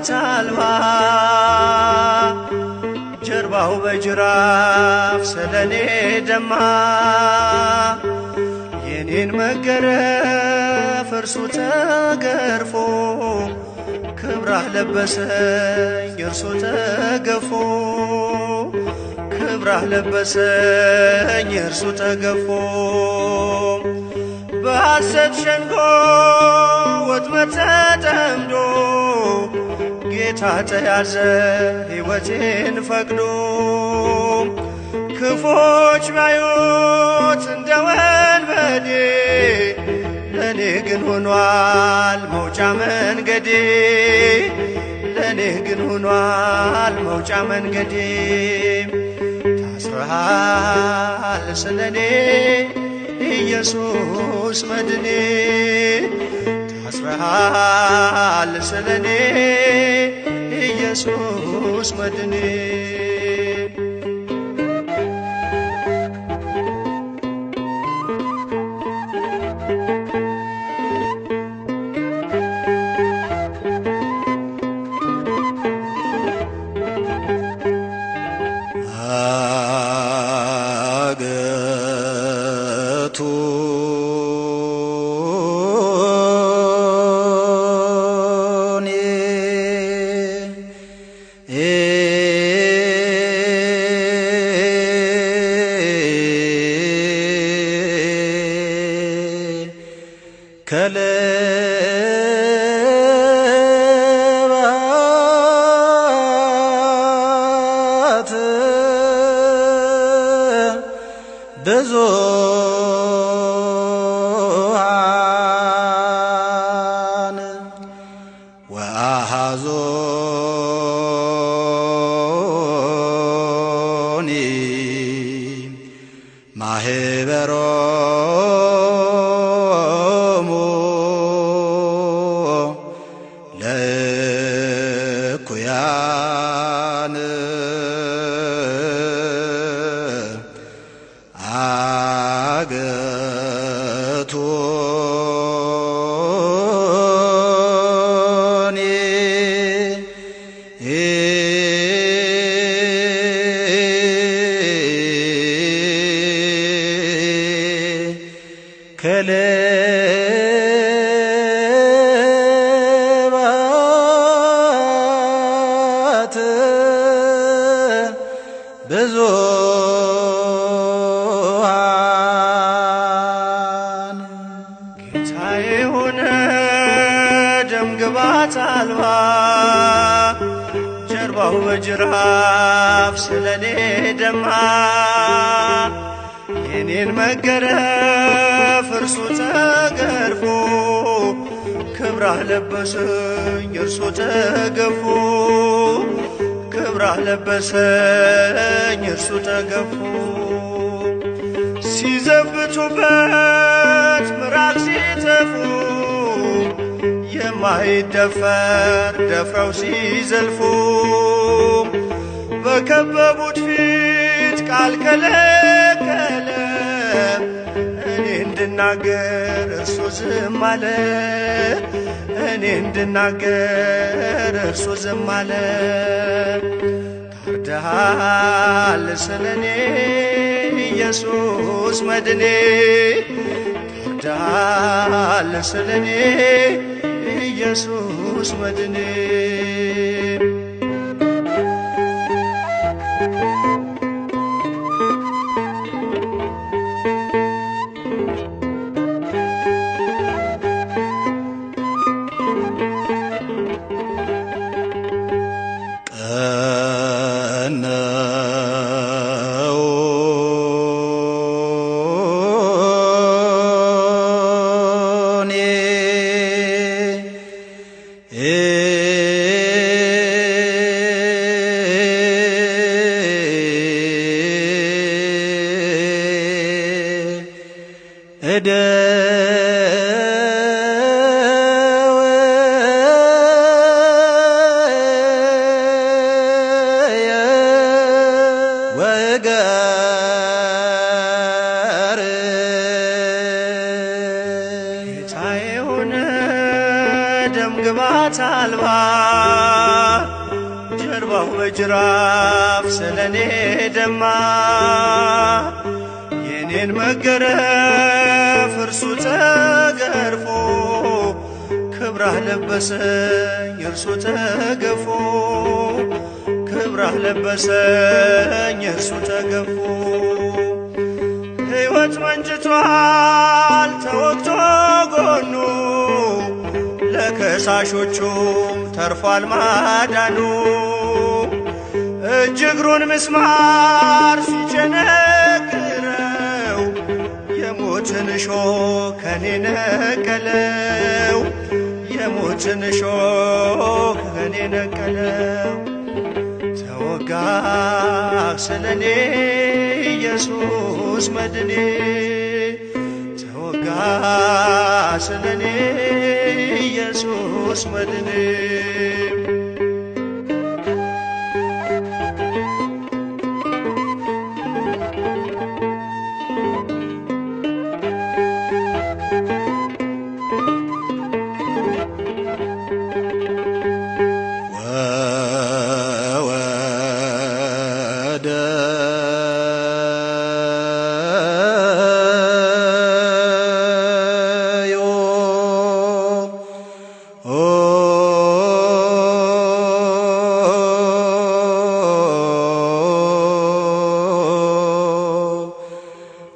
ጣፋጭ አልባ ጀርባው በጅራፍ ስለኔ ደማ የኔን መገረፍ እርሱ ተገርፎ ክብራህ ለበሰኝ እርሱ ተገፎ ክብራህ ለበሰኝ እርሱ ተገፎ በሐሰት ሸንጎ ወጥመድ ተጠምዶ ጌታ ተያዘ ሕይወቴን ፈቅዶ ክፎች ባዩት እንደ ወንበዴ ለእኔ ግን ሆኗል መውጫ መንገዴ ለእኔ ግን ሆኗል መውጫ መንገዴ ታስረሃል ስለኔ ኢየሱስ መድኔ አስበሃል ስለኔ ኢየሱስ መድኔ كلا ብዙሃን ጌታዬ ሆነ ደም ግባት አልባ ጀርባው በጅራፍ ስለኔ ደማ የኔን መገረፍ እርሱ ተገርፎ ክብራ ለበሰኝ እርሱ ተገፎ ክብራህ ለበሰኝ እርሱ ተገፉ ሲዘብቱበት ምራቅ ሲተፉ የማይደፈር ደፍረው ሲዘልፉ በከበቡት ፊት ቃል ከለይ እንድናገር እርሱ ዝም አለ። እኔ እንድናገር እርሱ ዝም አለ። ታርደሃል ስለኔ ኢየሱስ መድኔ ታርደሃል ስለኔ ኢየሱስ መድኔ በደዋየ ወጋር ጌታዬውን አልባ ጀርባው በጅራፍ ስለኔ ደማ የኔን መገረ እርሱ ተገርፎ ክብራህ ለበሰኝ እርሱ ተገፎ ክብራህ ለበሰኝ እርሱ ተገፎ ሕይወት መንጭቷል ተወግቶ ጎኑ ለከሳሾቹም ተርፏል ማዳኑ እጅግሩን ምስማር ሲጨነ የሞትን ሾህ ከኔ ነቀለው የሞትን ሾህ ከኔ ነቀለው ተወጋ ስለኔ ኢየሱስ መድኔ ተወጋ ስለኔ ኢየሱስ መድኔ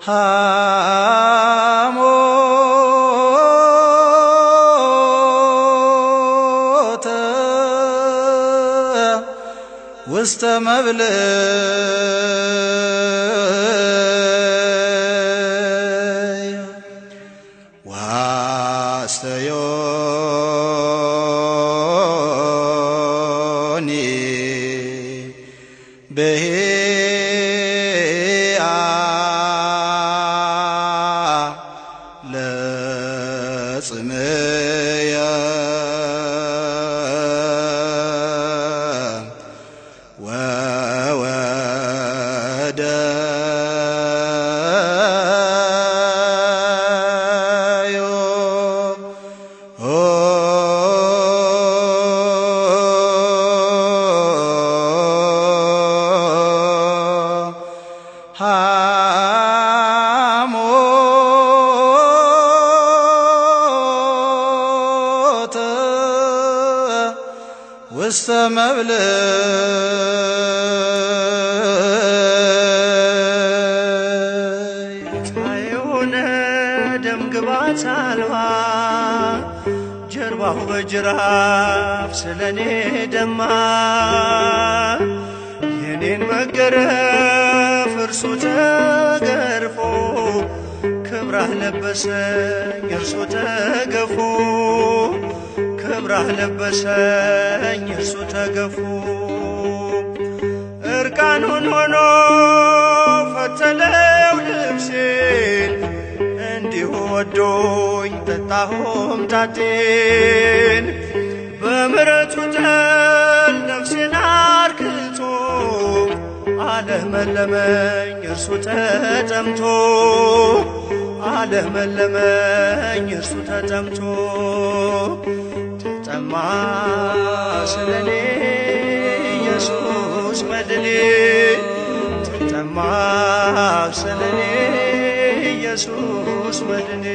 هاموت وسط مبلغ لاسمايا وودا يو ውስተ መብልዕ ጣየሆነ ደምግባት አልባ ጀርባሁ በጅራፍ ስለኔ ደማ የኔን መገረፍ እርሱ ተገርፎ ክብራ ለበሰኝ እርሱ ተገፎ አምራህ ለበሰኝ እርሱ ተገፉ እርቃኑን ሆኖ ፈተለው ልብሴን እንዲሁ ወዶኝ ጠጣሁም ታጤን በምረቱ ጠል ነፍሴን አርክቶ አለመለመኝ እርሱ ተጠምቶ አለመለመኝ እርሱ ተጠምቶ ሰማ ስለኔ ኢየሱስ በድኔ ተጠማ ስለኔ ኢየሱስ በድኔ